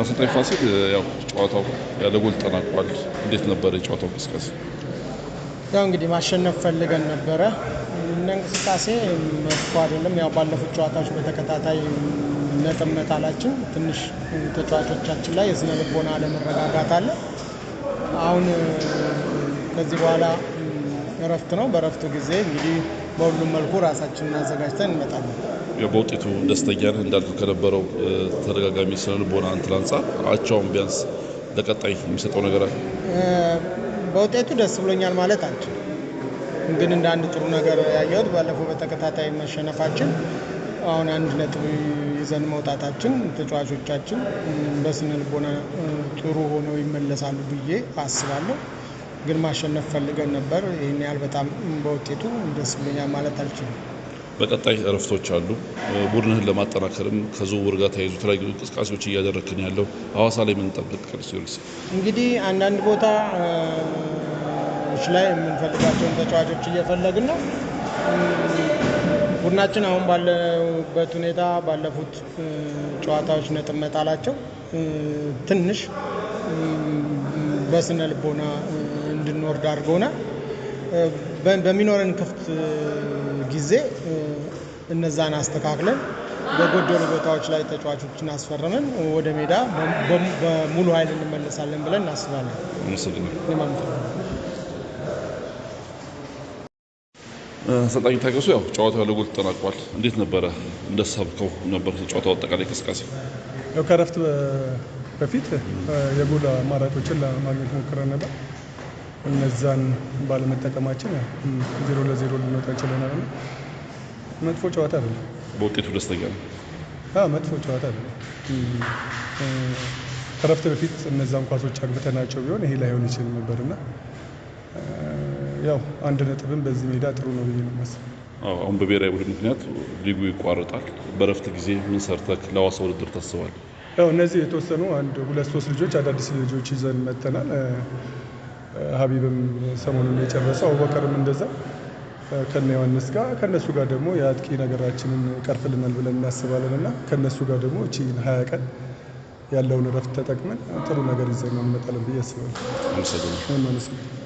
አሰልጣኝ ፋሲል ያው ጨዋታው ያለ ጎል ጠናቋል። እንዴት ነበረ የጨዋታው እንቅስቃሴ? ያው እንግዲህ ማሸነፍ ፈልገን ነበረ እና እንቅስቃሴ መጥፎ አይደለም። ያው ባለፉት ጨዋታዎች በተከታታይ ነጥብ መጣላችን ትንሽ ተጫዋቾቻችን ላይ የስነ ልቦና አለመረጋጋት አለ። አሁን ከዚህ በኋላ እረፍት ነው። በእረፍቱ ጊዜ እንግዲህ በሁሉም መልኩ ራሳችንን አዘጋጅተን እንመጣለን። በውጤቱ ደስተኛ ነህ እንዳልኩ ከነበረው ተደጋጋሚ ስነ ልቦና እንትን አንጻር አቻውን ቢያንስ ለቀጣይ የሚሰጠው ነገር አለ። በውጤቱ ደስ ብሎኛል ማለት አንችል፣ ግን እንደ አንድ ጥሩ ነገር ያየሁት ባለፈው በተከታታይ መሸነፋችን አሁን አንድ ነጥብ ይዘን መውጣታችን ተጫዋቾቻችን በስነ ልቦና ጥሩ ሆነው ይመለሳሉ ብዬ አስባለሁ። ግን ማሸነፍ ፈልገን ነበር። ይህን ያህል በጣም በውጤቱ ደስ ብሎኛል ማለት አልችልም። በቀጣይ እረፍቶች አሉ። ቡድንህን ለማጠናከርም ከዝውውር ጋር ተያይዞ የተለያዩ እንቅስቃሴዎች እያደረግን ያለው ሀዋሳ ላይ የምንጠብቅ ቅዱስ ጊዮርጊስ እንግዲህ አንዳንድ ቦታ ላይ የምንፈልጋቸውን ተጫዋቾች እየፈለግን ነው። ቡድናችን አሁን ባለበት ሁኔታ ባለፉት ጨዋታዎች ነጥብ መጣላቸው ትንሽ በስነ ልቦና እንድንወርድ አድርጎናል። በሚኖረን ክፍት ጊዜ እነዛን አስተካክለን በጎደሉ ቦታዎች ላይ ተጫዋቾችን አስፈረመን ወደ ሜዳ በሙሉ ኃይል እንመለሳለን ብለን እናስባለን። አሰልጣኝ ታገሱ፣ ያው ጨዋታው ያለ ጎል ተጠናቋል። እንዴት ነበረ? እንደሳብከው ነበር ጨዋታው አጠቃላይ እንቅስቃሴ? ያው ከረፍት በፊት የጎል አማራጮችን ለማግኘት ሞክረን ነበር እነዛን ባለመጠቀማችን ዜሮ ለዜሮ ልንወጣ ችለናል። መጥፎ ጨዋታ አይደለም። በውጤቱ ደስተኛ ነው። መጥፎ ጨዋታ አይደለም። ከረፍት በፊት እነዛን ኳሶች አግብተናቸው ቢሆን ይሄ ላይሆን ይችል ነበር እና ያው አንድ ነጥብን በዚህ ሜዳ ጥሩ ነው ብዬ ነው የማስበው። አሁን በብሔራዊ ቡድን ምክንያት ሊጉ ይቋረጣል። በረፍት ጊዜ ምን ሰርተህ ለሐዋሳ ውድድር ታስባለህ? ያው እነዚህ የተወሰኑ አንድ ሁለት ሶስት ልጆች አዳዲስ ልጆች ይዘን መጥተናል። ሀቢብም ሰሞኑን የጨረሰው አቡበከርም እንደዛ ከነ ዮሐንስ ጋር ከነሱ ጋር ደግሞ የአጥቂ ነገራችንን ቀርፍልናል ብለን እናስባለን እና ከነሱ ጋር ደግሞ እቺን ሀያ ቀን ያለውን እረፍት ተጠቅመን ጥሩ ነገር ይዘን እንመጣለን ብዬ አስባለሁ።